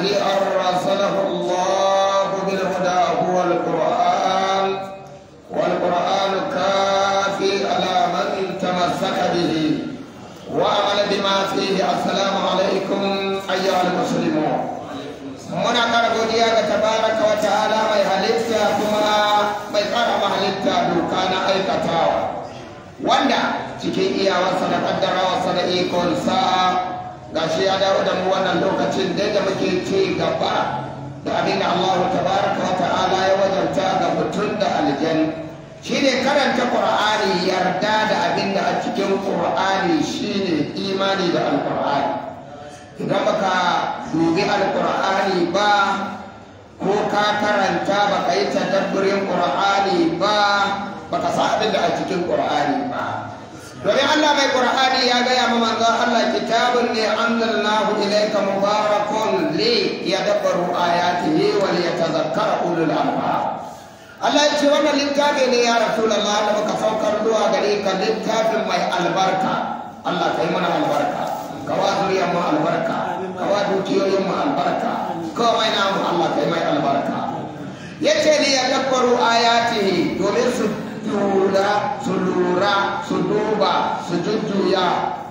الذي أرسله الله بالهدى هو القرآن والقرآن كافي على من تمسك به وعمل بما فيه السلام عليكم أيها المسلمون muna kara godiya ga tabaraka wa ta'ala mai halitta kuma mai kara mahalitta doka na aikatawa wanda cikin iyawarsa da kaddarawarsa ikon gashi ya dawo da mu wannan lokacin dai da muke ci gaba da abin da Allah tabaraka wa ta'ala ya wajanta ga mutum da aljan shine karanta Qur'ani yarda da abin da a cikin Qur'ani shine imani da al idan baka dubi al ba ko ka karanta baka yi tadabburin Qur'ani ba baka sa abin da a cikin Qur'ani ba domin Allah mai ƙur'ani ya gaya ma manzo Allah kitabun ne anzalnahu ilayka mubarakun li yadabbaru ayatihi wa liyatadhakkara ulul albab Allah ya ce wannan littafi ne ya Rasulullah da muka saukar zuwa gare ka littafin mai albarka Allah kai mana albarka ka wa zuriyar mu albarka ka wa dukiyoyin mu albarka komai namu Allah kai mai albarka yace li yadabbaru ayatihi domin su lura su lura su duba su jujjuya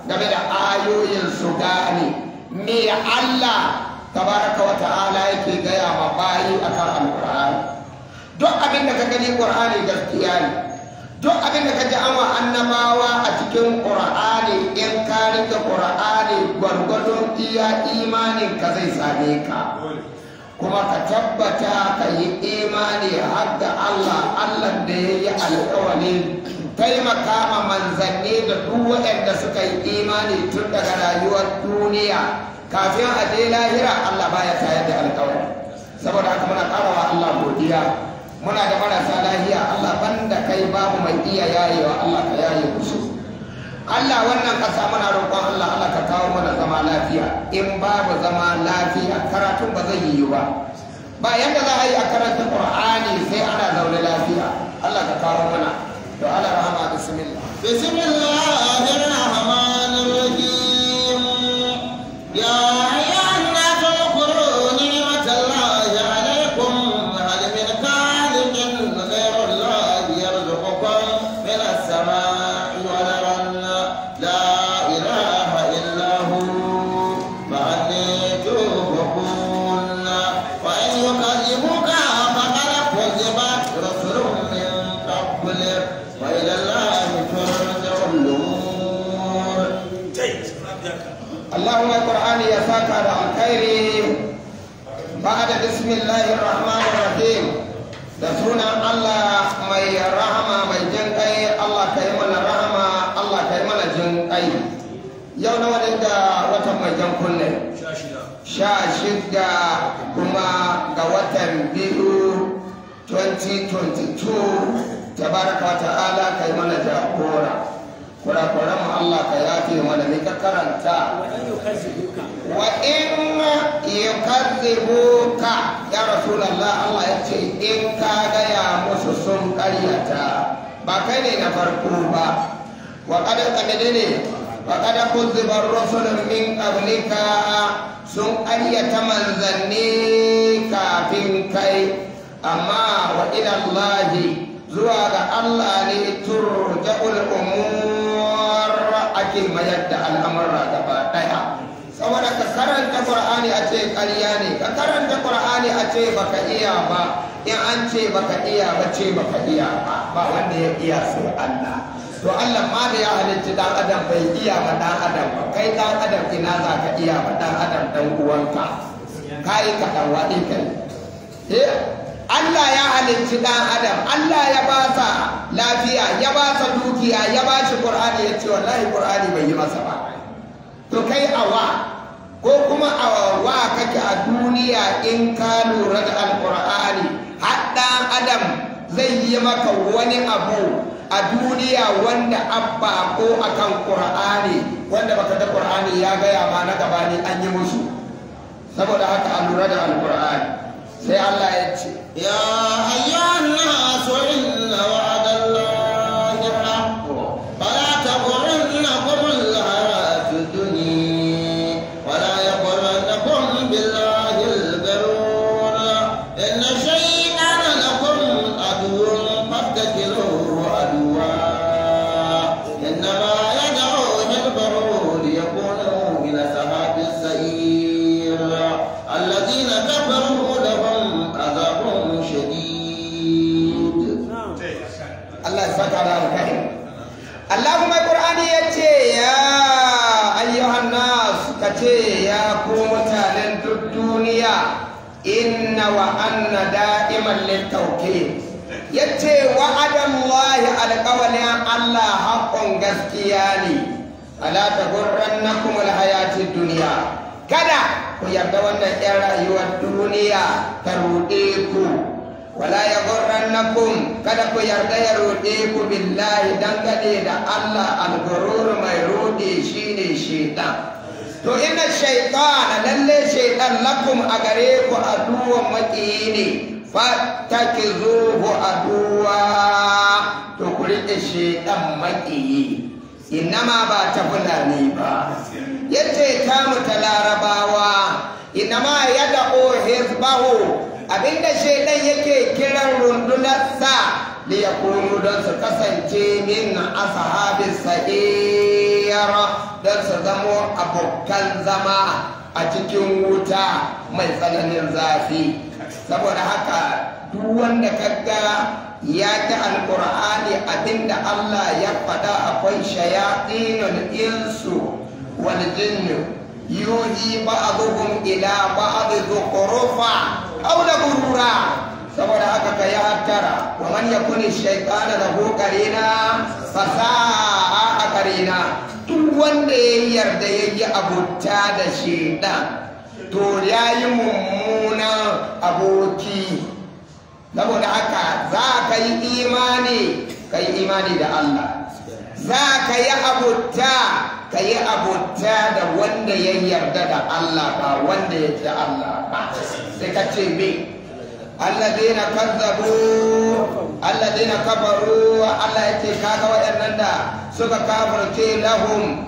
game da ayoyin su gane me Allah tabaraka wa ta'ala yake gaya ma bayi akan alqur'ani duk abin da ka gani qur'ani gaskiya ne duk abin da ka ji an annabawa a cikin qur'ani in ka rike qur'ani gwargwadon iya imanin ka zai same ka kuma ka tabbata ka yi imani har Allah Allah da ya yi alkawari taimaka ma manzanni da duk waɗanda suka yi imani tun daga rayuwar duniya kafin a je lahira Allah baya tayar da alkawari saboda haka muna ƙara wa Allah godiya muna da marasa lahiya Allah banda kai babu mai iya yayewa Allah ka yaye musu Allah wannan ƙasa muna roƙon Allah Allah ka kawo mana zama lafiya in babu zama lafiya karatun ba zai yi ba ba yadda za a yi a karatun Qur'ani sai ana zaune lafiya Allah ka kawo mana to Allah rahama bismillah bismillah 2022 tabaraka ta'ala kai mana jagora kurakuran mu Allah ka yafe mana ne ka karanta wa in yukazzibuka ya rasulullah Allah ya ce in ka gaya musu sun karyata ba kai ne na farko ba wa kada kamene ne wa kada kuzzibar rusulun min qablika sun karyata manzanni kafin kai amma wa ila Allahi zuwa ga Allah ne turja'ul umur ake mayar da al'amura gaba daya saboda ka karanta Qur'ani a ce ƙarya ne ka karanta Qur'ani a ce baka iya ba in an ce baka iya ba ce baka iya ba ba wanda ya iya sai Allah to Allah ma da ya halitta dan adam bai iya ma dan adam ba kai dan adam ina za ka iya ma dan adam dan uwanka kai ka dan waɗe kai eh Allah ya halicci ɗan adam Allah ya ba sa lafiya ya ba sa dukiya ya ba shi Qur'ani ya ce wallahi Qur'ani bai yi masa ba to kai awa ko kuma awa wa kake a duniya in ka lura da alƙur'ani har ɗan adam zai yi maka wani abu a duniya wanda abba ko akan Qur'ani wanda baka da Qur'ani ya gaya ma na gaba ne an yi musu saboda haka a lura da alƙur'ani sai Allah ya ce يا أيها الناس gaskiya ne ala kuma duniya, duniya kada ku yarda wannan yan rayuwar duniya ta ruɗe ku wala ya gurran kuma kada ku yarda ya ruɗe ku billahi dangane da Allah al mai ruɗe shine shaitan to shaiɗa a lalle shaitan lakum a gare ku a duwan maƙiyi ne fattakizuhu aduwa to ku rike shedan maƙiyi inama ba ta fulani ba yace ta mu ta larabawa inama ya o hezbahu abinda shaidan yake kiran rundunarsa da ya komo don su kasance min ashabin sa'ir don su zamo abokan zama a cikin wuta mai tsananin zafi saboda haka duk wanda kaga ya ta alkur'ani abinda Allah ya faɗa akwai shayatinul insu wal jinni yuhi ba'dhum ila ba'd zukhrufa aw la gurura saboda haka ka ya hattara wa man yakuni shaytana lahu qarina fasaa qarina duk wanda ya yarda yayi abuta da shaytan to ya yi mummunan aboki saboda haka za ka yi imani ka yi imani da Allah za ka yi abuta ka yi abuta da wanda ya yarda da Allah ba wanda ya ce Allah ba sai ka ce me Allah zai na kafaru Allah ya ce kaga waɗannan da suka kafarce lahum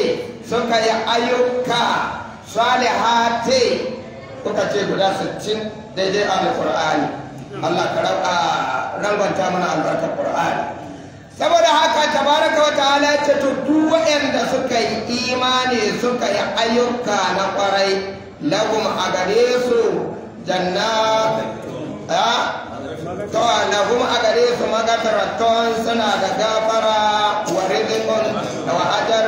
sun ka yi ayyuka salihati kuka ce guda sittin daidai alƙur'ani Allah ka rangwanta mana albarkar ƙur'ani saboda haka tabaraka wa ta'ala ya ce to duk waɗanda suka yi imani suka yi ayyuka na ƙwarai lahum a gare su jannat to lahum a gare su magataratun suna da gafara wa rizqun wa ajal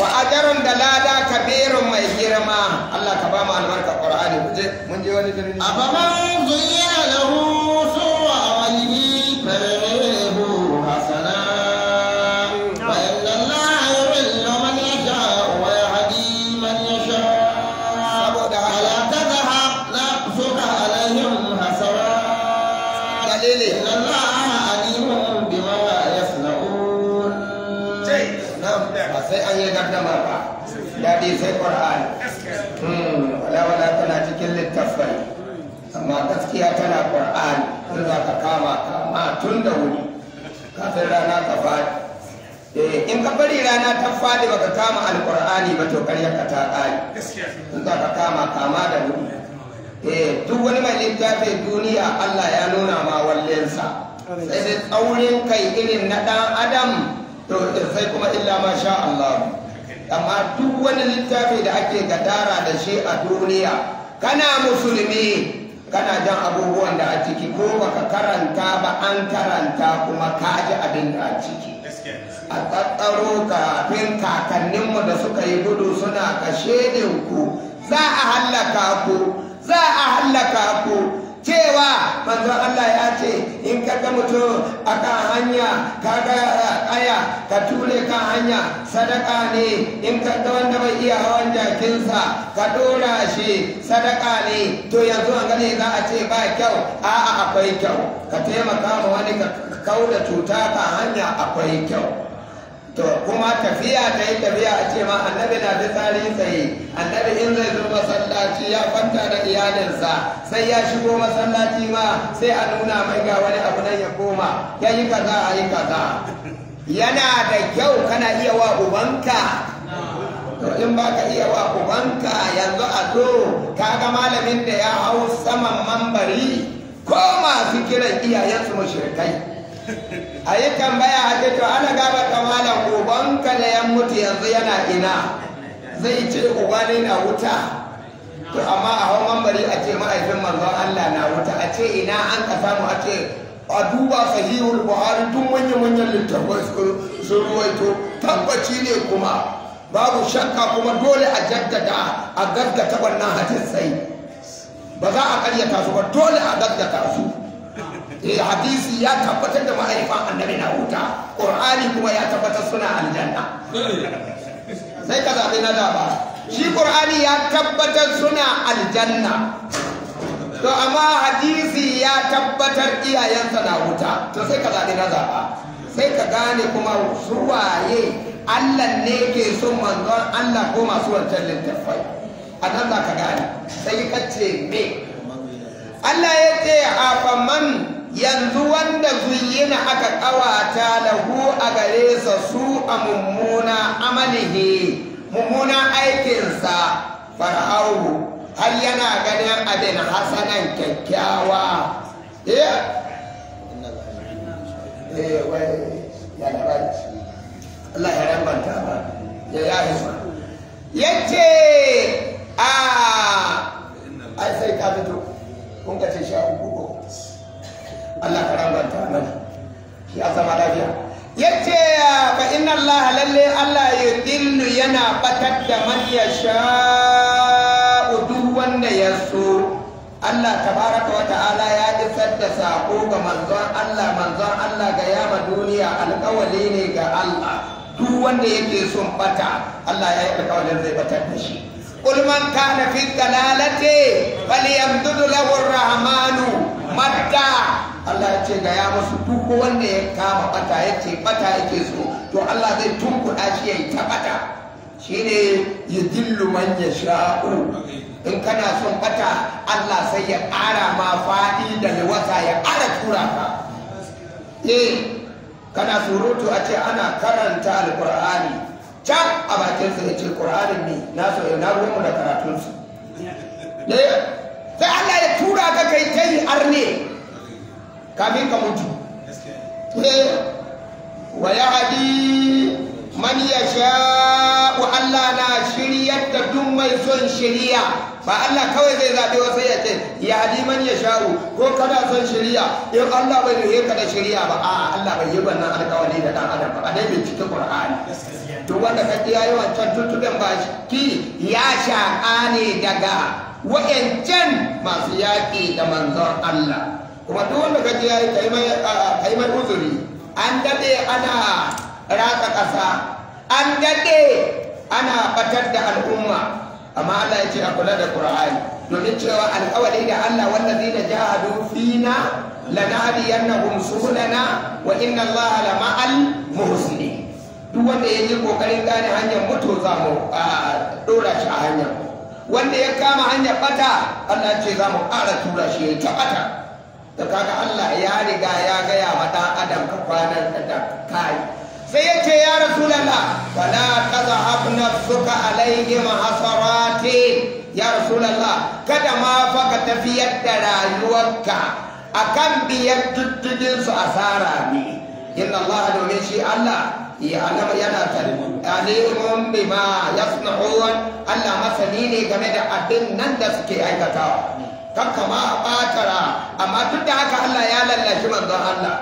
wa ajaran da lada kabirun mai girma Allah ka ba mu albarka Qur'ani mun je wani jirgin. afaman zuyyana lahu sallah tun da wuri kafin rana ta faɗi eh, in ka bari rana ta faɗi baka kama alkur'ani ba to karya ka ta ƙari in ka ka kama kama da wuri eh, duk wani mai littafin duniya Allah ya nuna ma wallensa sai dai tsaurin kai irin na ɗan adam to sai kuma illa ma sha Allah amma duk wani littafi da ake gadara da shi a duniya kana musulmi kana jan abubuwan da a ciki ko baka karanta ba an karanta kuma ka ji abin da a ciki a tsatsaro kafin kakanninmu da suka yi gudu suna kashe ku za a hallaka ku za a hallaka ku cewa manzo Allah ya ce in ka ga mutum akan hanya ka ga aya ka ture kan hanya sadaka ne in ka ga wanda bai iya hawan jakinsa ka dora shi sadaka ne to yanzu an gane za a ce ba kyau a'a akwai kyau ka taimaka ma wani ka kauda cuta kan hanya akwai kyau to kuma tafiya ta yi tafiya a ce ma annabi na tsarin tsaye annabi in zai zo masallaci ya kwanta da iyalinsa sai ya shigo masallaci ma sai a nuna mai ga wani abu nan ya koma ya yi kaza a yi kaza yana da kyau kana iya wa ubanka in ba ka iya wa ubanka yanzu a zo ka ga malamin da ya hau saman mambari ko masu kiran iyayensu mashirkai Ayi yi tambaya a ce to ana gaba ta malam ka da ya mutu yanzu yana ina zai ce uba ne na wuta to amma a hau mambari a ce ma'aikin manzon Allah na wuta a ce ina an ka samu a ce a duba sahihul buhari duk manya-manyan littafai sun ruwaito tabbaci ne kuma babu shakka kuma dole a jaddada a gaggata wannan hadisai ba za a karyata su ba dole a gaggata su Eh, hadisi ya tabbatar da ma'aifan annabi na huta qur'ani kuma ya tabbatar suna aljanna sai ka zaɓi na daba shi qur'ani ya tabbatar suna aljanna to amma hadisi ya tabbatar iyayensa na huta to sai ka zaɓi na daba sai ka gane kuma suwaye Allah ne ke son manzon Allah ko masu wancan littattafai a nan za ka gane sai ka ce me Allah ya ce a faman yanzu wanda zuyyina aka ƙawata lahu a gare sa su a mummuna amalihi mummuna aikinsa fara'auru har yana ganin abin hasanan kyakkyawa eh, eh, ya ce a ah, sai ka fito kun ka ce sha uku ko Allah ka rabanta mana ya zama lafiya yace fa inna Allah lalle Allah ya yana batar da man ya duk wanda ya so Allah tabaraka wa ta'ala ya isar da sako ga manzon Allah manzon Allah ga yama duniya alƙawali ne ga Allah duk wanda yake son bata Allah ya yi alƙawarin zai batar da shi قل من كان في الضلالة فليمدد له الرحمن مدا Allah yace gaya masu ya musu duk wanda ya kama bata ya ce yake so to Allah zai tunkuɗa shi ya yi ta bata shine yudillu man yasha'u in kana son ɓata. Allah sai ya ƙara ma faɗi da liwata ya ƙara tura ka eh kana surutu a ce ana karanta alƙur'ani can a bakin su yace qur'anin ne na so na ruwan da karatunsu. Eh, sai Allah ya tura ka kai ta yi arne kafin ka mutu eh, wa ya hadi man ya sha'u Allah na shiryar da duk mai son shiriya ba Allah kawai zai zaɓe wasu ya ce ya hadi man ya sha'u ko kana son shiriya in Allah bai nuhe ka da shiriya ba a Allah bai yi wannan alƙawari da ɗan adam ba a dai bincike ƙur'ani duk wanda ka iya yi wancan tuntuɓen ba ki ya shaƙa ne daga wa'yancan masu yaƙi da manzon Allah kuma duk wanda ka ji yayi kai mai uzuri an daɗe ana ratsa ƙasa an daɗe ana batar da al'umma amma Allah ya ce a kula da ƙur'ani domin cewa alƙawari da Allah zai na jahadu fina lanahdiyannahum subulana wa inna Allah la duk wanda ya yi kokarin gane hanyar mutu za mu dora shi a hanyar wanda ya kama hanyar bata Allah ce za mu ƙara tura shi ya ta bata da kaga Allah ya riga ya gaya ma dan adam ka kwanar da kai sai ya ce ya rasulallah wala tazhab suka alaihi hasarati ya rasulallah kada ma fa ka tafiyar da rayuwarka akan biyar su asara ne inna Allah domin shi Allah يعلم yana تعلمون عليم بما يصنعون الله مسني ne game da abin nan da suke aikatawa kakkama a batara amma duk da haka Allah ya lallashi manzon Allah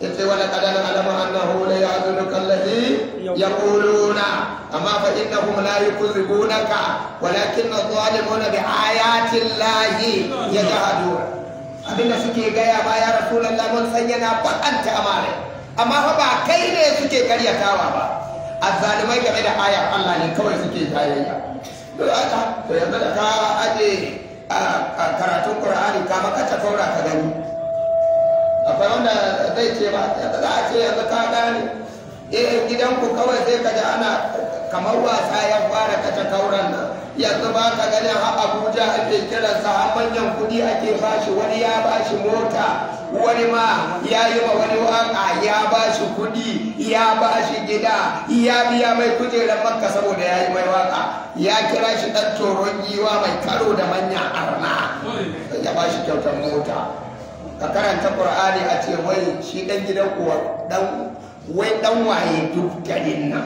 yace wala qad na'lamu annahu la ya'dunuka alladhi yaquluna amma fa innahum la yukzibunaka walakin adh-dhalimuna bi ayati llahi yajhadun abinda suke gaya ba ya rasulullah mun san yana bakanta amare amma fa ba kai ne suke karyatawa ba azalimai game da ayar Allah ne kawai suke tayayya to haka to yanzu da ka aje a karatun Qur'ani ka makata kaura ka gani akwai wanda zai ce ba za a ce yanzu ka gane eh gidanku kawai sai ka ji ana kamar wasa ya fara kace kauran nan yanzu ba ka ganin ha abuja ake sa, har manyan kudi ake bashi wani ya bashi mota wani ma ya yi ma wani waka ya bashi kudi ya bashi gida ya biya mai kujerar makka saboda ya yi mai waka ya kira shi dan toron giwa mai karo da manyan arna ya bashi kyautar mota ka karanta qur'ani a ce wai shi dan gidan uwa dan wai dan waye duk garin nan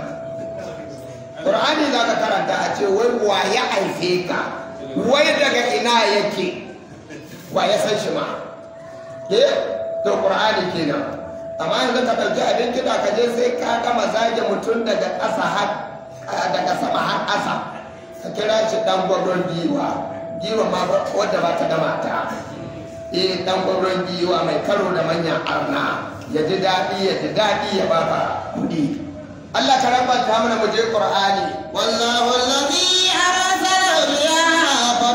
ƙur'ani za ka karanta a ce wai waye haife ka wai daga ina yake waye san shi ma Ke? Eh, to ƙur'ani kenan amma yanzu ka ɗauki abin kiɗa ka je sai ka gama zage mutum daga ƙasa har daga sama har ƙasa ka kira shi dan gwadon giwa giwa ma wadda ba ta gama ta. eh dan gwadon giwa mai karo da manyan arna ya ji daɗi ya ji daɗi ya baka kuɗi Allah ka rabanta mana mu je Qur'ani wallahu allazi arsala riyaha fa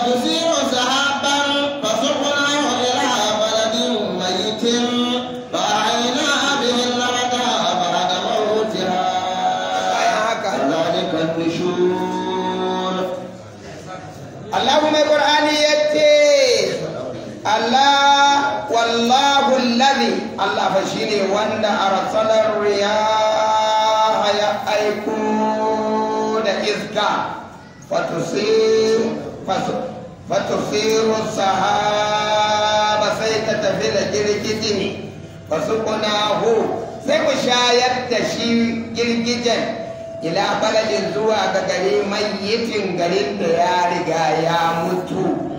Allah shi ne wanda arsalar riyaha ya aiko da iska fatusiru sahaba sai ta tafi da girgije hu sai ku shayar da shi girgijen ila baladin zuwa ga gari mai mayyitin garin da ya riga ya mutu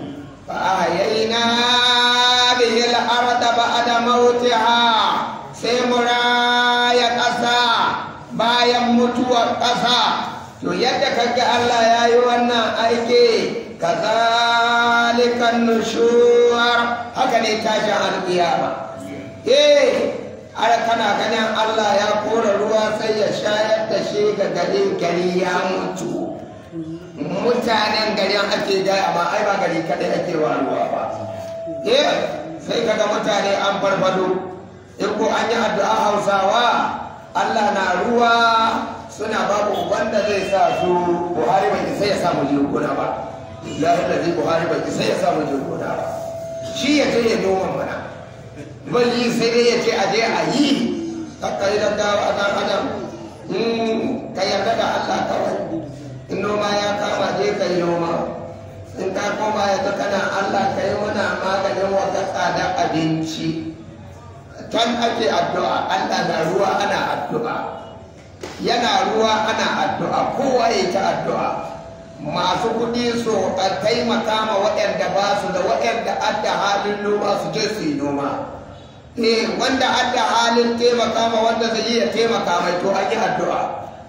Ba ya na فأحيينا به الأرض بعد موتها سيمرايا ƙasa, bayan mutuwar ƙasa to yadda kaga Allah ya yi wannan aiki kazalikan nushuwar haka ne tashin alƙiyama eh har kana ganin Allah ya kora ruwa sai ya shayar da shi da gari gari ya mutu mutanen garin ake da ma ai ba gari kadai ake wa ruwa ba eh sai kaga mutane an farfado in ko an yi addu'a hausawa Allah na ruwa suna babu wanda zai sa su Buhari bai sai ya samu jirguna ba lahin da zai Buhari bai sai ya samu jirguna ba shi ya ce ya noma mana bali sai dai ya ce a je a yi kakkai da gawa dan adam hmm, ka yarda da Allah kawai inno noma ya kama je ka yi noma in ka koma yanzu kana allah ka yi wani maganin wata tsada abinci can ake addu'a allah na ruwa ana addu'a yana ruwa ana addu'a kowa ya ta addu'a masu kuɗi so a taimaka ma waɗanda ba su da waɗanda adda halin noma su je su yi noma eh wanda adda halin taimaka ma wanda zai iya taimaka mai to an yi addu'a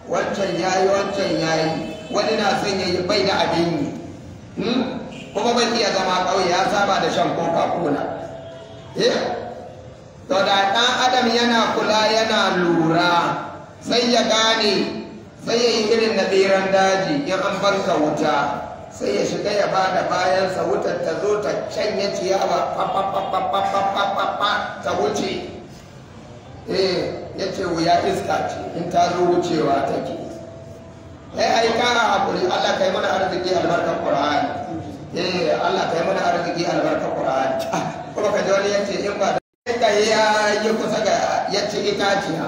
wancan yayi wancan yayi wani na son ya bai da abin yi hmm? kuma bai iya zama ƙauye ya saba da shan coca cola eh? to da ɗan adam yana kula yana lura sai ya gane sai ya yi irin na ɓeran daji in an bar sa wuta sai ya shiga ya ba da bayansa wutar ta zo ta canye ciyawa ta wuce eh ya ce wuya iska ce in ta zo wucewa take Eh, ai kara hakuri Allah kai mana arziki albarkar Qur'ani eh Allah Qur'ani kuma ka yace in ba ya yi kusa ga yace itaciya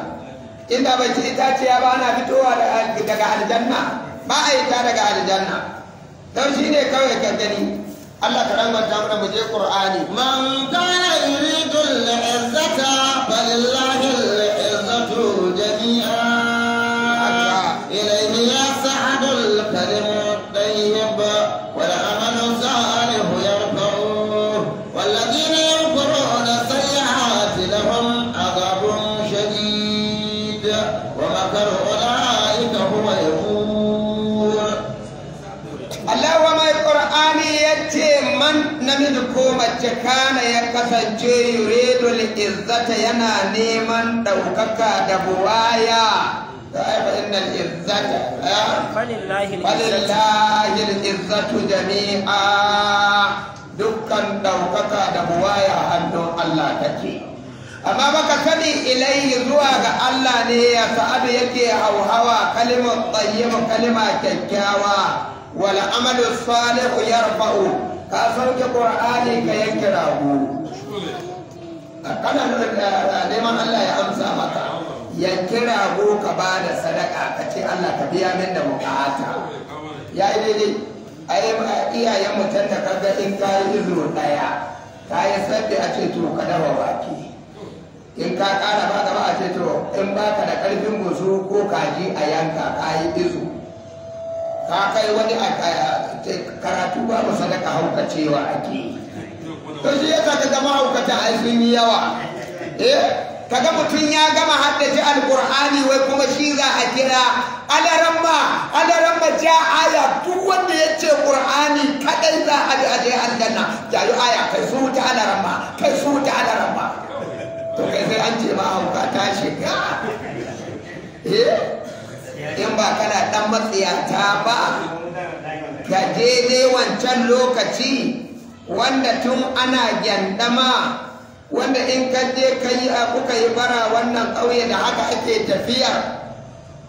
in da bai ci itaciya fitowa daga aljanna ba a yi ta daga aljanna don shi kawai ka gani Allah ka rangwanta mana mu je Qur'ani man kana kana ya kasance yuridul izzata yana neman ɗaukaka da buwaya فإن العزة فلله dukkan ɗaukaka da buwaya hannun Allah take amma baka sani ilai zuwa ga Allah ne ya sa'adu yake hauhawa kalimar tsayyama kalima kyakkyawa wal amalu salihu yarfa'u ka sauke qur'ani ka yanke rago kana nuna neman Allah ya amsa maka yanke rago ka ba da sadaka ka ce Allah ka biya min da bukata ya yi daidai ma iyayen mutum da kaga in ka yi izo daya ka yi sabbi a ce to ka dawa baki in ka kara ba gaba a ce to in ka da karfin gozo ko kaji a yanka ka yi izo ka kai wani karatu ba mu sadaka haukacewa ake yi to shi yasa ka gama haukata ai sun yi yawa eh gama mutum ya gama haddace alkur'ani wai kuma shi za a kira alaramma alaramma ja aya duk wanda ya ce qur'ani kadai za a ji aje aljanna yi aya kai su wuta alaramma kai su wuta alaramma to kai sai an ce ma hauka ta shiga eh in ba kana dan matsiyata ba je daidai wancan lokaci wanda tun ana gyandama wanda in kaje je ka yi a kuka yi bara wannan ƙauye da haka ake tafiya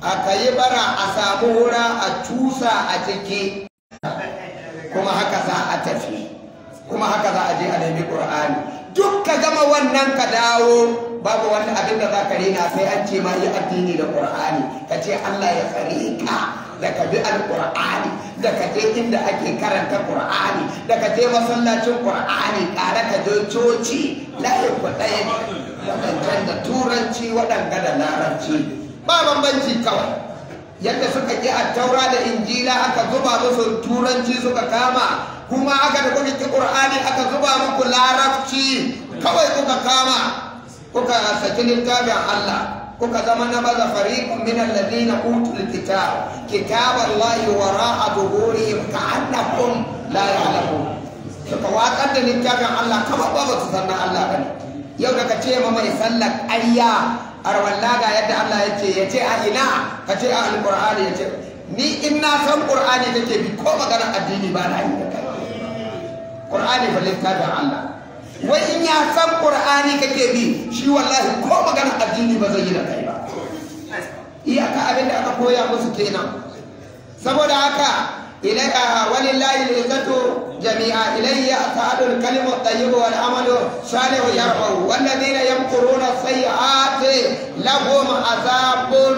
a ka yi bara a samu wura a cusa a ciki kuma haka za a tafi kuma haka za a je a nemi ƙur'ani duk ka gama wannan ka dawo babu wani abin da za ka rena sai an ce ma yi addini da ƙur'ani ka ce allah ya tsare ka da ka bi alƙur'ani da ka je inda ake karanta ƙur'ani da ka je masallacin ƙur'ani ƙara ka je coci layin ku ɗaya ne waɗancan da turanci waɗanga da larabci ba bambanci kawai yadda suka ƙi a taura da injila aka zuba musu turanci suka kama kuma aka da kuka ƙi ƙur'ani aka zuba muku larabci kawai kuka kama kuka saki littafin Allah kuka zama na baza fariqun min alladhina utul kitab kitab Allah wara'a duhurihim ka'annahum la ya'lamun suka waƙar da littafin Allah kama ba ba Allah bane yau daga ce ma mai sallar ƙarya arwalla ga yadda Allah ya ce ya ce a ina ka ce a ni in na san ƙur'ani kake bi ko maganar addini ba na yi littafin Allah wai in ya san ƙur'ani kake bi shi wallahi ko magana addini ba zai yi da kai iyaka abin aka koya musu kenan saboda haka ilaiya ah, wani layi da ya jami'a ilayya a sa'adun kalimar tsayyubu wani amalo shalihu ya rahu wanda zai na yan korona sai ya ate lagoma a zaɓun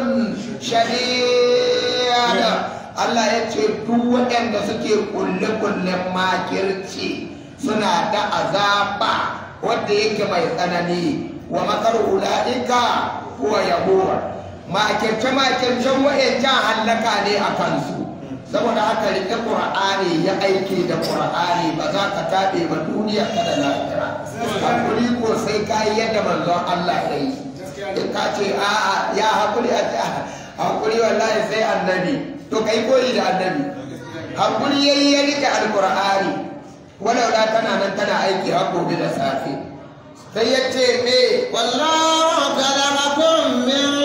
shari'a Allah ya ce duk waɗanda suke kulle-kulle makirci suna da azaba wanda yake mai tsanani wa matsar ula'ika huwa yahuwa makirce makircen ta hallaka ne a kansu saboda haka rike ƙur'ani ya aiki da ƙur'ani ba za ka taɓe ba duniya ka da lafiya kuri ko sai ka yi yadda manzon Allah ya yi in ka ce a'a ya hakuri a hakuri wallahi sai annabi to kai koyi da annabi hakuri yayi ya riƙe alƙur'ani walaula tana nan tana aiki har gobe da safe sai ya ce me wallahu khalaqakum min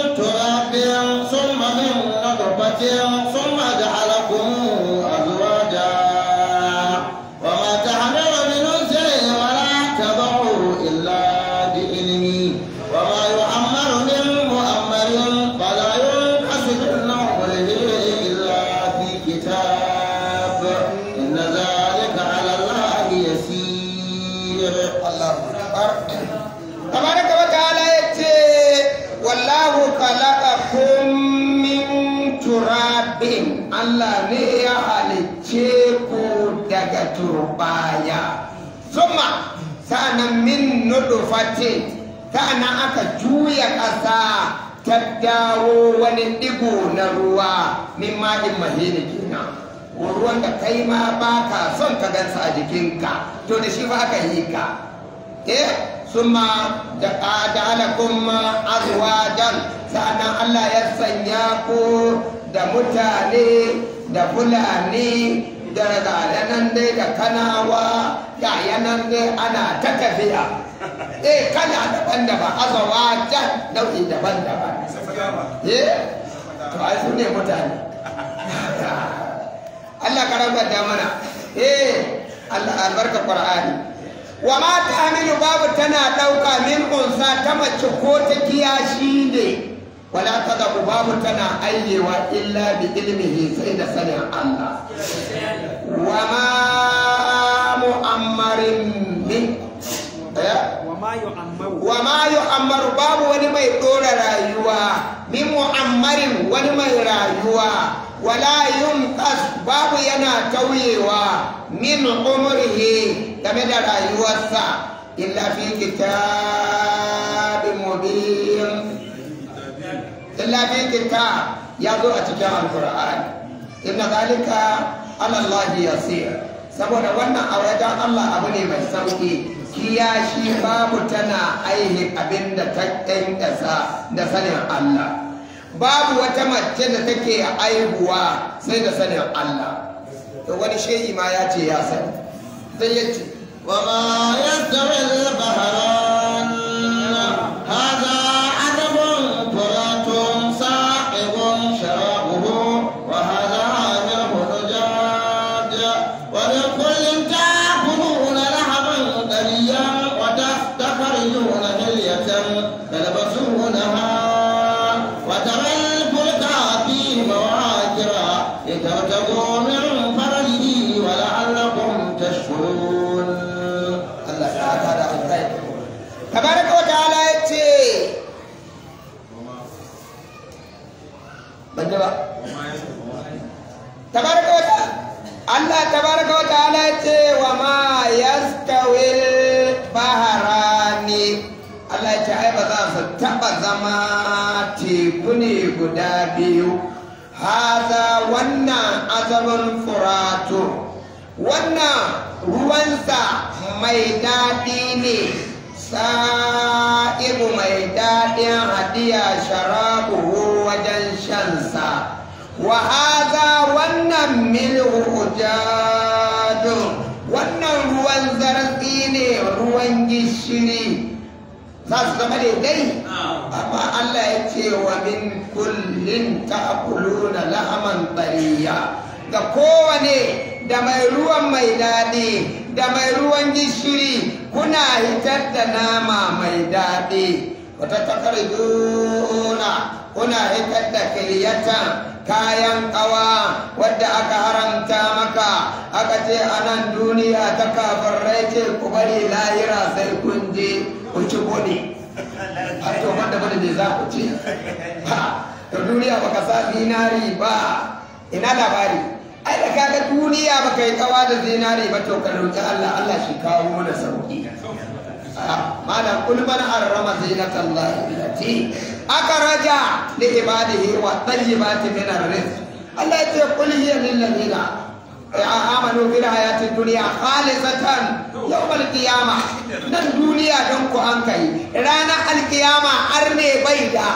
baya zuma sa'anan min nudufatin sa'anan aka juya ƙasa ta dawo wani digo na ruwa min ma'in mahini kenan ruwan da kai ma ba ka son ka gansa a jikinka to da shi ba aka yi ka eh zuma da arwa don sa'anan Allah ya sanya ku da mutane da fulani daga yanan dai da kanawa ga yanan dai ana ta tafiya eh kana daban-daban azawa ta nau'i daban-daban eh to ai su ne mutane Allah ka da mana eh Allah albarka Qur'ani wa ma ta'amilu babu tana dauka min unsa ta mace ko ta kiyashi ne wala kada babu tana ayyewa illa bi ilmihi sai da sanin Allah wa ma mu'ammarin eh? min wa ma yu'ammaru babu wani mai ɗora rayuwa min mu'ammarin wani mai rayuwa wala yunqas babu yana tauyewa min umrihi game da rayuwarsa Ila fi kitabin illa fi ya zo a cikin alqur'ani inna zalika ala Allah yasir saboda wannan a wajen Allah abu ne mai sauki kiyashi babu tana aihi abin da ta ƙasa da sanin Allah babu wata mace da take aihuwa sai da sanin Allah to wani shehi ma ya ce ya sani sai ya ce wa ma yastawi al mai daɗi ne sa'ibu mai daɗin hadiya sharabu wajen shansa wa haza wannan milu hujjadun wannan ruwan zarafi ne ruwan gishiri za su zama daidai amma Allah ya ce wa min kullin ta'kuluna la'aman tariya ga kowane da mai ruwan mai daɗi da mai ruwan gishiri kuna hitar da nama mai daɗi wata takar yuna kuna hitar da kiryatan kayan kawa wadda aka haramta maka aka ce a nan duniya ta kafirai ce ku bari lahira sai kun je ku ci kuɗi a to wanda bane ne za ku ci. ha to duniya baka sa dinari ba ina labari ai da kaga duniya ba kai kawa da zinare ba to ka roƙi Allah Allah shi kawo mana sauki ah, mana kul man harrama zinata Allah allati akraja li ibadihi wa tayyibati min ar-rizq Allah ya ce kul hiya lil ladina eh, amanu fil hayati dunya khalisatan yawmal qiyamah nan duniya don ku an kai ranar alkiyama arne bai da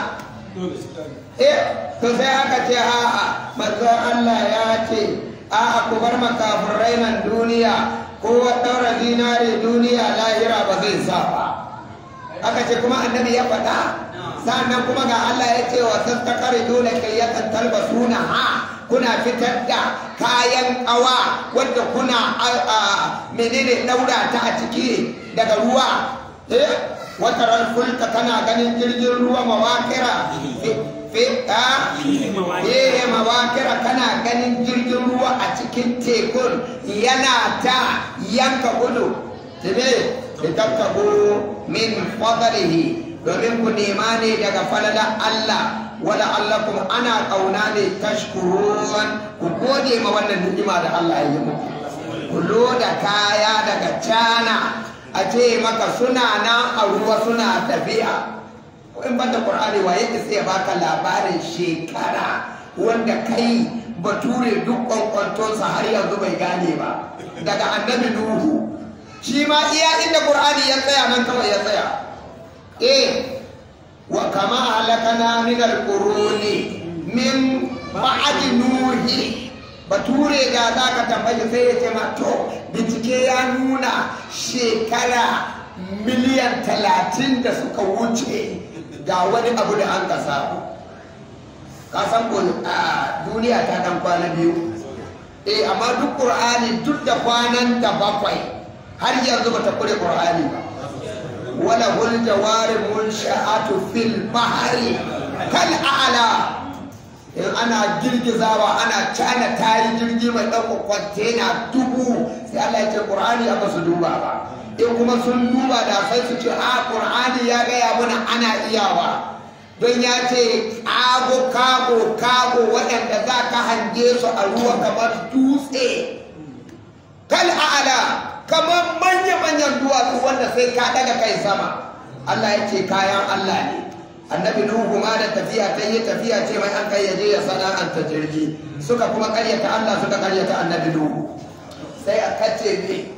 eh to sai aka ce a'a manzon Allah ya ce a'a ku bar makafurai nan duniya kowa ɗaura zinare duniya lahira ba zai sa ba aka ce kuma annabi ya faɗa sannan kuma ga Allah ya ce wa sassaƙari dole kai ya ba suna ha kuna fitar da kayan awa wadda kuna menene ɗaura ta a ciki daga ruwa eh, wata fulka kana ganin jirgin ruwa mawakira fiye eh, mawakira kana ganin jirgin ruwa a cikin tekun yana ta yanka gudu tibe ta tattabo min fadarihi domin ku nema ne daga falalar Allah wala Allah kuma ana ƙauna ne tashkuruwan ku gode ma wannan ni'ima da Allah ya yi muku ku loda kaya daga cana a ce maka suna na a ruwa suna tafiya in ban da qur'ani wa yake sai ya baka labarin shekara wanda kai bature duk kwankwantonsa har yanzu bai gane ba daga annabi nuhu shi ma iya inda qur'ani ya tsaya nan kawai ya tsaya eh wa kama halakana min al-quruni min ba'd nuhi bature ga za ka tambaye sai ya ce ma bincike ya nuna shekara miliyan talatin da suka wuce ga wani abu da an kasa ka san a duniya ta dan kwana biyu eh amma duk qur'ani duk da kwanan ta bakwai har yanzu bata kure qur'ani ba wala hul jawari munsha'atu fil bahri kal a'la in ana girgizawa ana cana tayi jirgi mai dauko kwantena dubu sai Allah ya ce qur'ani aka su duba ba in kuma sun duba da sai su ce a ah, qur'ani ya gaya mana ana iyawa don ya ce kago kago kago waɗanda za ka hange su a ruwa kamar dutse kal a'ala kamar manya-manyan duwatsu wanda sai ka daga kai sama Allah ya ce kayan Allah ne annabi nuhu ma da tafiya ta yi tafiya ce mai an kai yaje ya ta jirgi suka kuma karyata Allah suka karyata annabi nuhu sai a kace ne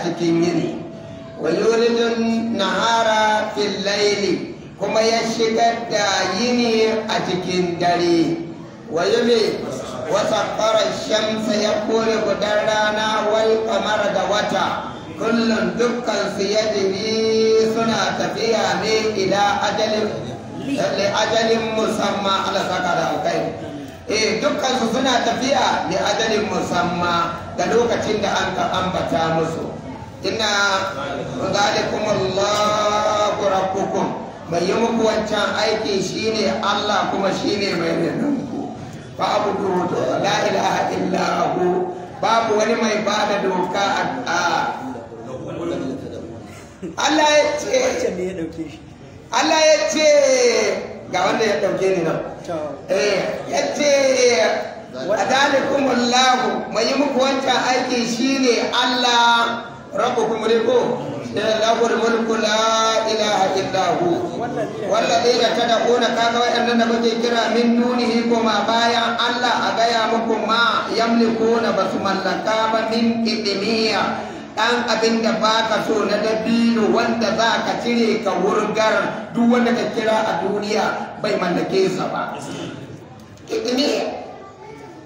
a cikin yini wa yuridun nahara fil laili kuma ya shigar da yini a cikin dare wa yume wasa fara shamsa ya kore gudan rana wal kamar da wata kullum dukkan su ya suna tafiya ne ila ajalin ajalin musamman ala saka da kai eh dukkan su suna tafiya ne adalin musamman da lokacin da an ambata musu tunda Allah rabbukum mai yi muku wancan aiki shine Allah kuma shine mai renonku babu abu la ilaha illa hu babu wani mai ba da doka a Allah ya ce Allah ya ce ga wanda ya dauke ni nan eh ya ce wa dalikum Allah mai yi muku wancan aiki shine Allah ko ko mure ko da lahul mulku eh, la ilaha illa hu da kada ko na kaga wayannan da kira min nunihi ko ma baya Allah a ga ya muku ma yamliku na basu mallaka ba min idmiya dan abin da baka so na dabino wanda za ka cire ka wurgar duk wanda ka kira a duniya bai mallake sa ba idmiya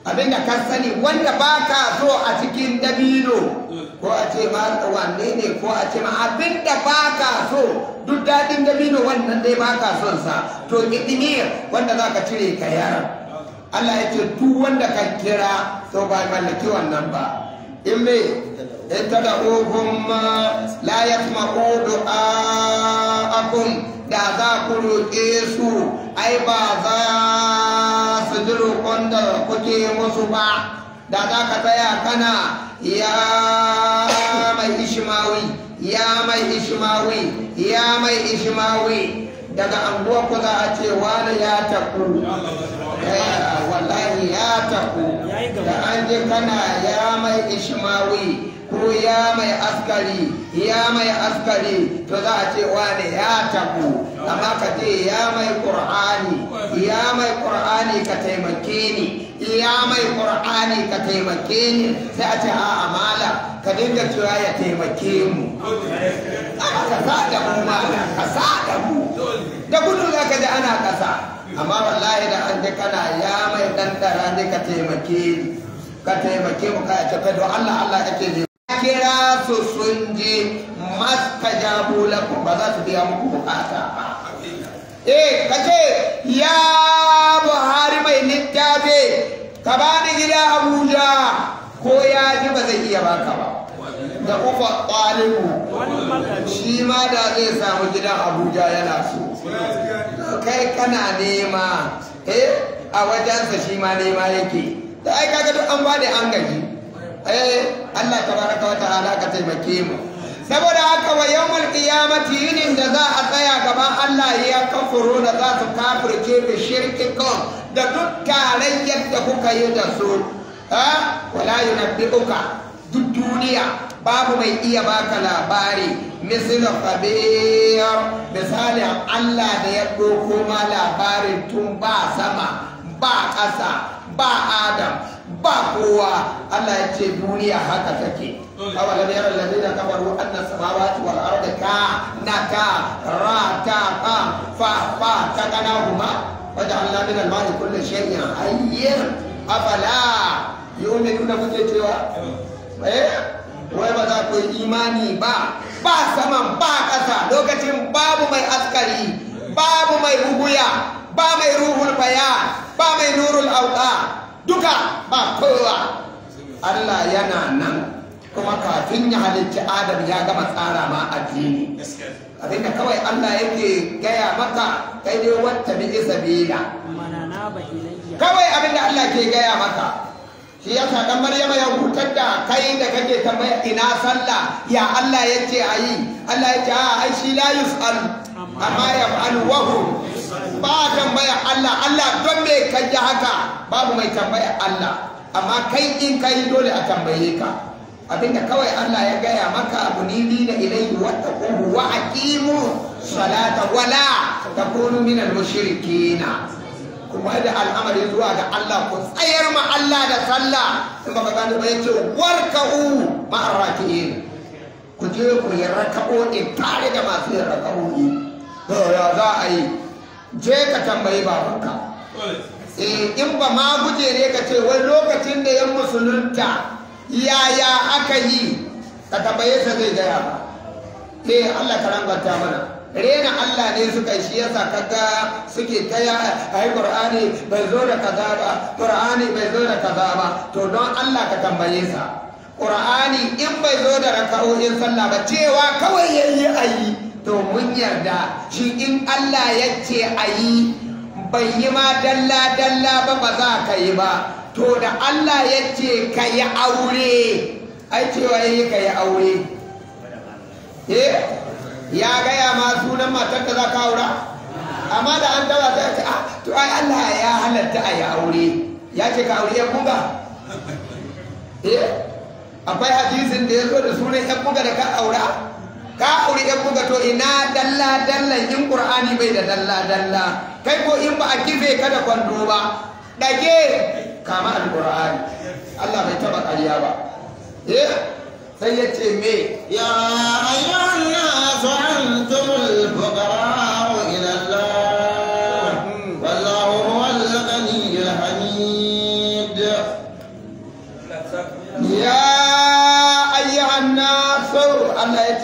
abin da ka sani wanda baka so a cikin dabino ko a ce ma wanne ne ko a ce ma abin da ba ka so duk daɗin dabino wannan dai ba ka son sa to ƙidimir wanda za ka cire ka yara Allah ya ce duk wanda ka kira to ba mallaki wannan ba in me in da ohun ma la ya da za ku roƙe su ai ba za su ji roƙon da kuke musu ba da za ka tsaya kana ya mai ishimawi ya mai ishimawi. ya mai ishimawi daga anguwar ku za a ce wani ya taku ya taku da an ji kana ya mai ishmawi ko ya mai askari ya mai askari to za a ce wane ya tabu amma ka ce ya mai qur'ani ya mai qur'ani ka taimake ni ya mai qur'ani ka taimake ni sai a ce a amala ka dinga cewa ya taimake mu ka sa da mu ma ka sa da mu da gudu za ka ji ana kasa amma wallahi da an ji kana ya mai dandara ne ka taimake ni ka taimake mu ka ce do Allah Allah ake kira su sun je jabo lakum ba za su biya muku bukata ba eh kace ya buhari mai littafi ka bani gida abuja ko ya ji ba zai iya baka ba da uku ɗalibu shi ma da zai samu gidan abuja yana so kai kana nema eh a wajensa shi ma nema yake da ai kaga duk an da an gaji eh Allah tabaraka wa ta'ala ka taimake mu saboda haka wa yawmul qiyamati yinin da za a tsaya gaban Allah ya kafuru da za su kafirce bi shirkikum da duk tarayyar yadda kuka yi da su ha eh, wala yunabbi'uka duk duniya babu mai iya baka labari misali khabir misalin Allah da ya ɗauko ma labarin tun ba sama ba ƙasa ba Adam ba kowa Allah ya ce duniya haka take awalam yara alladhina kafaru samawa samawati wal'ar da ka ka, ra ta fa fa fa ta kana huma Allah min al-ma'i kulli shay'in hayyin afala yu'minuna kuke cewa eh wai ba za ku yi imani ba ba saman ba ƙasa lokacin babu mai askari babu mai ruguya ba mai ruhul baya ba mai nurul auka duka ba kowa Allah yana nan kuma kafin ya halicci Adam ya gama tsara ma addini abinda kawai Allah yake gaya maka kai dai wata bi sabila kawai abinda Allah ke gaya maka shi ya sa dan Maryama ya hutar da kai da kake tambaya ina sallah ya Allah yace ayi Allah yace a ah, ai shi la yus'al amma yaf'alu wa ba tambayar Allah Allah don me ka haka babu mai tambayar Allah amma kai in ka yi dole a tambaye ka abinda kawai Allah ya gaya maka abu ni ni da ilai wata kuhu wa aqimu salata wala takunu min al mushrikina kuma da al'amari zuwa ga Allah ku tsayar ma Allah da sallah in ba ka ba yace warka'u ma'ar ku je ku yi tare da masu yin ya za a yi je ka tambayi babanka eh, in ba ma guje ne ka ce wani lokacin da yan musulunta yaya aka yi ka tambaye sa zai gaya ba eh Allah ka mana rena Allah ne suka yi shi yasa kaga suke ta ya yi Qur'ani bai zo da kaza ba Qur'ani bai zo da kaza ba to don Allah ka tambaye sa Qur'ani in bai zo da raka'o'in sallah ba cewa kawai yayi ayi to mun yarda shi in Allah ya ce a yi bai yi ma dalla dalla ba ba za ka yi ba to da Allah ya ce ka yi aure ai cewa yi ka yi aure eh, ya gaya ma sunan matar da za ka aura amma da an dawa ta ce ah, to ai Allah ya halatta a yi aure ya ce ka aure ya buga eh akwai hadisin da ya zo da sunan ya buga da ka aura ka auri yan buga to ina dalla dalla in qur'ani bai da dalla dalla kai ko in ba a kife ka da kwando ba dage kama alqur'ani Allah bai taba kariya ba eh sai yace me ya ayyuhan nas antumul fuqara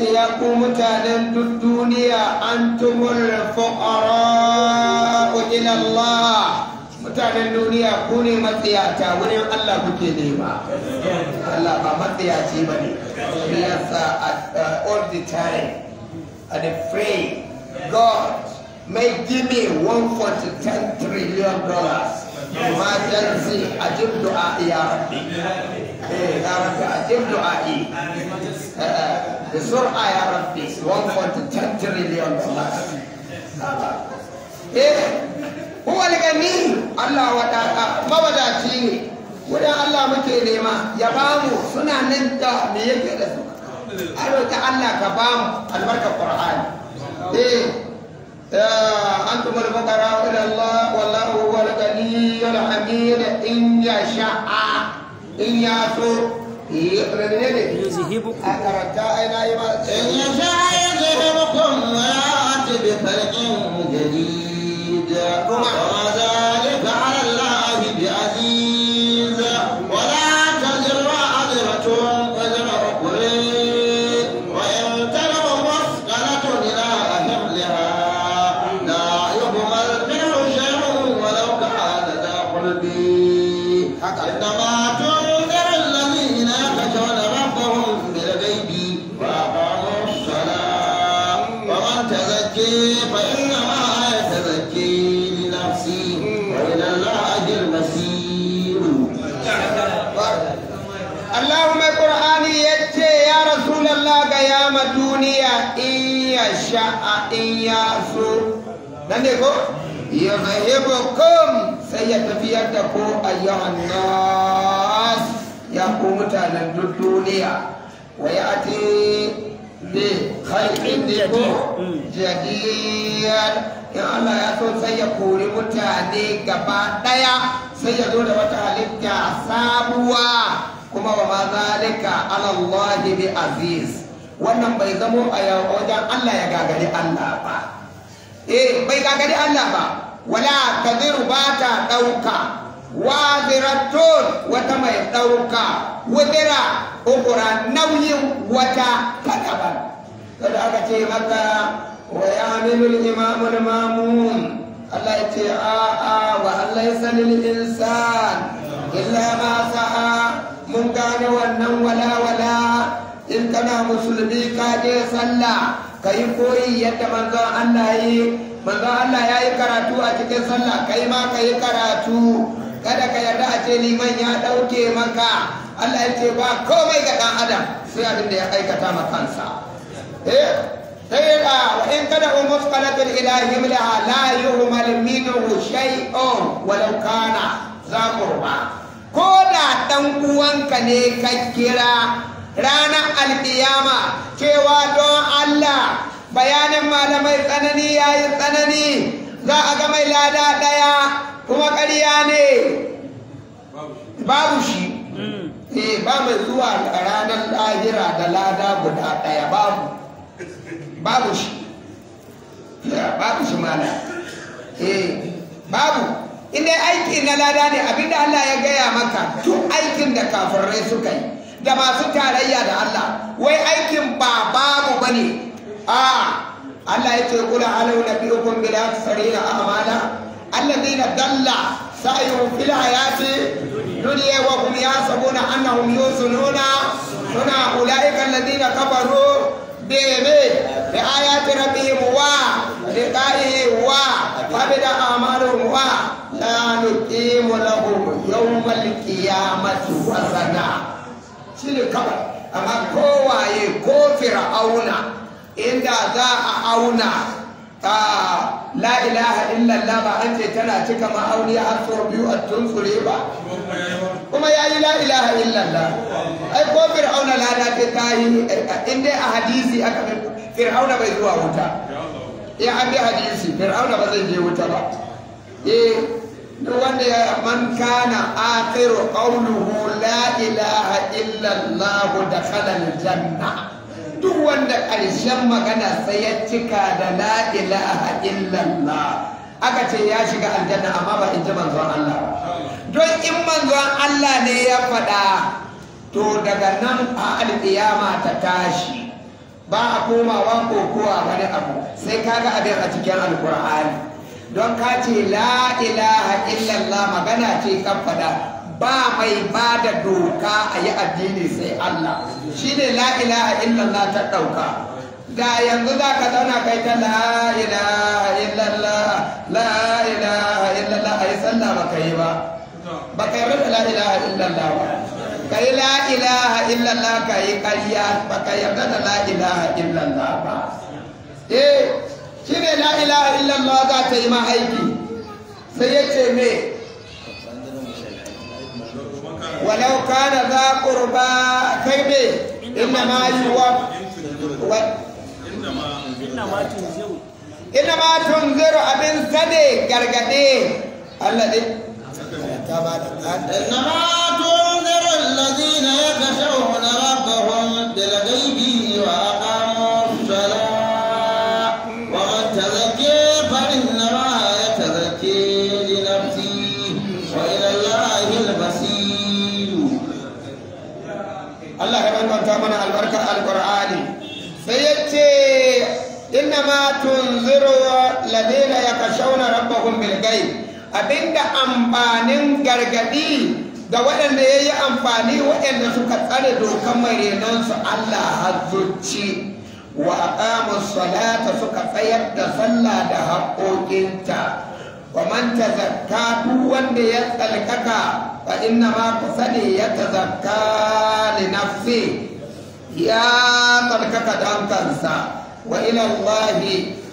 ce ya ku mutanen duk duniya an tumul fuqara ila Allah mutanen duniya ku ne matsiyata wurin Allah kuke nema Allah ba matsiyaci ba ne he has uh, all the time and pray God may give me 1.10 trillion dollars emergency ajib du'a ya rabbi eh ya rabbi ajib du'a Uh, the Surah Arab is 1.10 trillion dollars. Eh, huwa gani Allah ka wadaka ci ne wurin Allah muke nema ya bamu suna nan da me yake da su aro ta Allah ka bamu albarkar Qur'ani eh, eh antum al-fuqara ila Allah wallahu huwa al-ghaniyyul hamid in yasha in yaso يذهبكم إن يشاء يذهبكم ويأتي بخلق جديد ya sha'a in ya so nan ne ko ya zahibu kum sai ya tafiyar da ko ayyuhan nas ya ku mutanen duk duniya wa ya ati bi khalqin ko jadiyar in Allah ya so sai ya kori mutane gaba daya sai ya zo da wata halitta sabuwa kuma wa ma zalika ala Allah bi aziz wannan bai zamo a wajen Allah ya gagari Allah ba eh bai gagari Allah ba wala taziru ba ta ɗauka waziratun wata mai ɗauka wudira ukura nauyin wata kadaban kada aka ce maka wa ya hamilul imamul mamun Allah ya ce a'a wa Allah ya sanil insan illa ma sa'a mun gane wannan wala wala in kana musulmi ka je sallah ka yi koyi yadda manzon Allah ya yi manzon Allah ya yi karatu a cikin sallah kai ma ka yi karatu kada ka yarda a ce liman ya ɗauke maka Allah ya ce ba komai ga ɗan adam sai abin da ya aikata ma kansa eh sai eh, da wa in kana u musqalatul ilahi milaha la yuhmal minhu shay'un walau kana za ko da dan uwanka ne ka kira ranar alkiyama cewa don Allah bayanin malamai tsanani ya yi tsanani za a ga mai lada ɗaya kuma ƙarya ne babu shi hmm. eh ba mai zuwa ranar lahira da lada guda ɗaya babu babu shi babu shi mana eh babu inda aiki na lada ne abinda Allah ya gaya maka duk aikin da kafirai suka yi da masu tarayya da Allah wai aikin ba babu bane a Allah ya ce kula alau na biyu kun bila sarina amana alladhina dalla sa'yuhum fil hayati dunya wa hum yahsabuna su nuna. suna ulaika alladhina kafaru bebe bi ayati rabbihim wa liqa'ihi wa fabida amaluhum wa la nuqimu lahum yawmal qiyamati wazana misilin kawai amma kowaye ko fir'auna inda za a auna a la ilaha illallah ba an ce tana cika ma'auni a sau biyu a tunsure ba kuma ya yi la ilaha illallah ai ko fir'auna lada ta ta yi inda a hadisi aka fir'auna bai zuwa wuta ya an hadisi fir'auna ba zai je wuta ba eh duk wanda ya man kana akhiru qawluhu la ilaha illa allah dakhala janna duk wanda karshen magana sai ya cika da la ilaha allah aka ce ya shiga aljanna amma ba in ji manzon Allah don in manzon Allah ne ya faɗa to daga nan a alƙiyama ta tashi ba a komawa ko kowa bane abu sai kaga abin a cikin alƙur'ani don ka ce la ilaha illallah magana ce kan fada ba mai ba da doka a yi addini sai Allah shi ne la ilaha illallah ta ɗauka da yanzu za ka zauna kai ta la ilaha illallah la ilaha illallah a yi sallah ba ka yi ba ba ka yi rufe la ilaha illallah ba ka yi la ilaha illallah ka yi ƙarya ba ka yarda da la ilaha illallah ba eh shi ne la ilaha illallah za ta yi ma aiki sai ya ce me walau kana za kurba kai me inna ma yi wa inna ma tun zero abin zane gargade Allah ɗin ta ba da inna ma tun zero allazina yakashawna tunziru ladina yakashawna rabbahum bil gai abinda amfanin gargadi da waɗanda ya yi amfani waɗanda suka tsare dokan mai su Allah hazzuci wa aqamu salata suka tsayar da sallah da haƙoƙinta wa man tazakka wanda ya tsalkaka fa inna ma fasadi ya tazakka li nafsi ya tsalkaka dan kansa wa ila Allah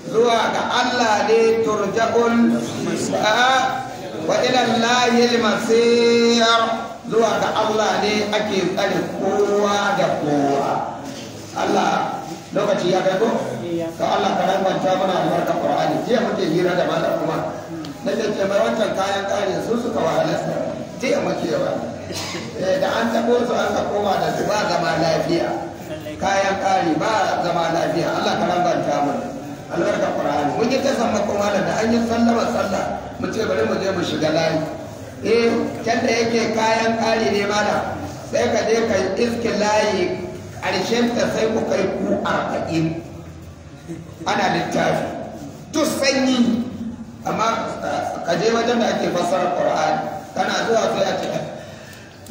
zuwa ga Allah ne turja'ul wa ila Allah al-masir zuwa ga Allah ne ake tsare kowa da kowa Allah lokaci ya kai ko ka Allah ka rangwanta mana albarka Qur'ani jiya muke hira da malam kuma na ce mai wancan kayan kare su suka wahalarsa jiya muke yawa eh, da an tabo su an ka koma da su ba zama lafiya kayan kari ba zama lafiya Allah ka rambanta mu albarka qur'ani mun yi ta sammakon kuma da an yi sallama sallah mu ce bari mu je mu shiga layi eh kan da yake kayan kari ne malam sai ka je ka iske layi ƙarshen ta sai ku kai ku arba'in ana littafi to sanyi amma ka je wajen da ake fassara qur'ani kana zuwa sai a ce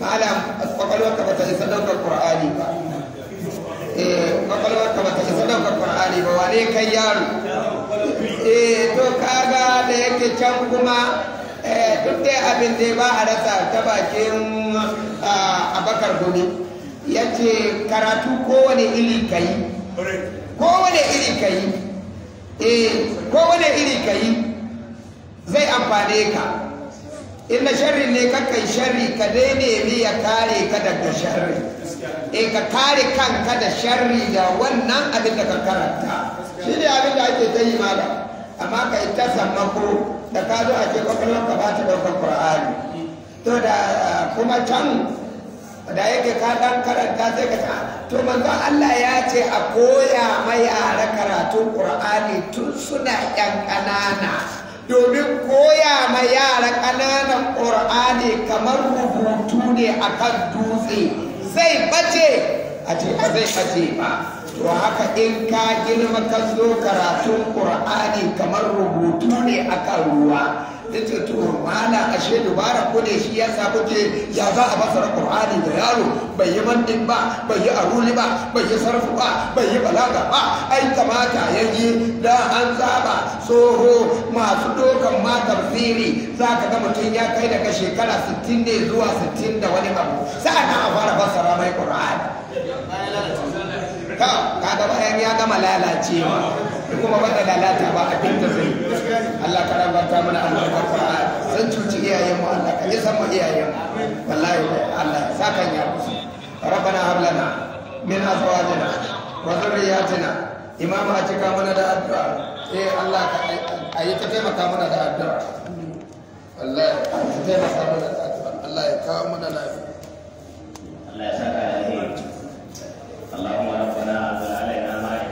malam kwakwalwarka ba ta isa ɗaukar qur'ani ba eh kwakwalwa ka bata isa daukar qur'ani ba wane kai yaro eh to kaga da yake can kuma eh, duk dai abin da ba a rasa ta bakin abakar gumi ya ce karatu kowane iri ka yi kowane iri ka yi eh kowane iri ka yi zai amfane ka inda sharri ne kakai sharri ka dai ne ya kare ka daga sharri e ka kare kanka da sharri da wannan abin da ka karanta shi ne abin da ake ta yi mala amma ka ita sammako da ka zo ake kwakwalon ka ba ta ɗaukar ƙur'ani to da kuma can da yake ka ɗan karanta sai ka to manzo Allah ya ce a koya ma yara karatun ƙur'ani tun suna ƴan ƙanana domin koya ma yara ƙananan ƙur'ani kamar rubutu ne akan dutse zai bace a ce ba zai bace ba to haka in ka girma ka zo karatun ƙur'ani kamar rubutu ne akan ruwa ya to mana ashe dubara ko da shi ya sabu kuke ya za a fasara qur'ani da yaro bai yi mandin ba bai yi aruli ba bai yi sarfu ba bai yi balaga ba ai kamata ya yi da an saba tsoho masu dokan ma tafsiri za ka ga mutum ya kai daga shekara 60 ne zuwa 60 da wani abu sa'an a fara basara mai qur'ani ka ga bayan ya gama lalacewa kuma mata lalata ba abin da zai Allah ka rabata mana albarkar Qur'an san cuci iyayen mu Allah ka yi san mu iyayen wallahi Allah sakan ya kusa rabbana hab lana min azwajina wa dhurriyyatina imama a ka mana da addu'a eh Allah ka ayi ta taimaka mana da addu'a wallahi ka taimaka mana da addu'a Allah ya kawo mana lafiya Allah ya saka alheri اللهم ربنا أنزل علينا مائدة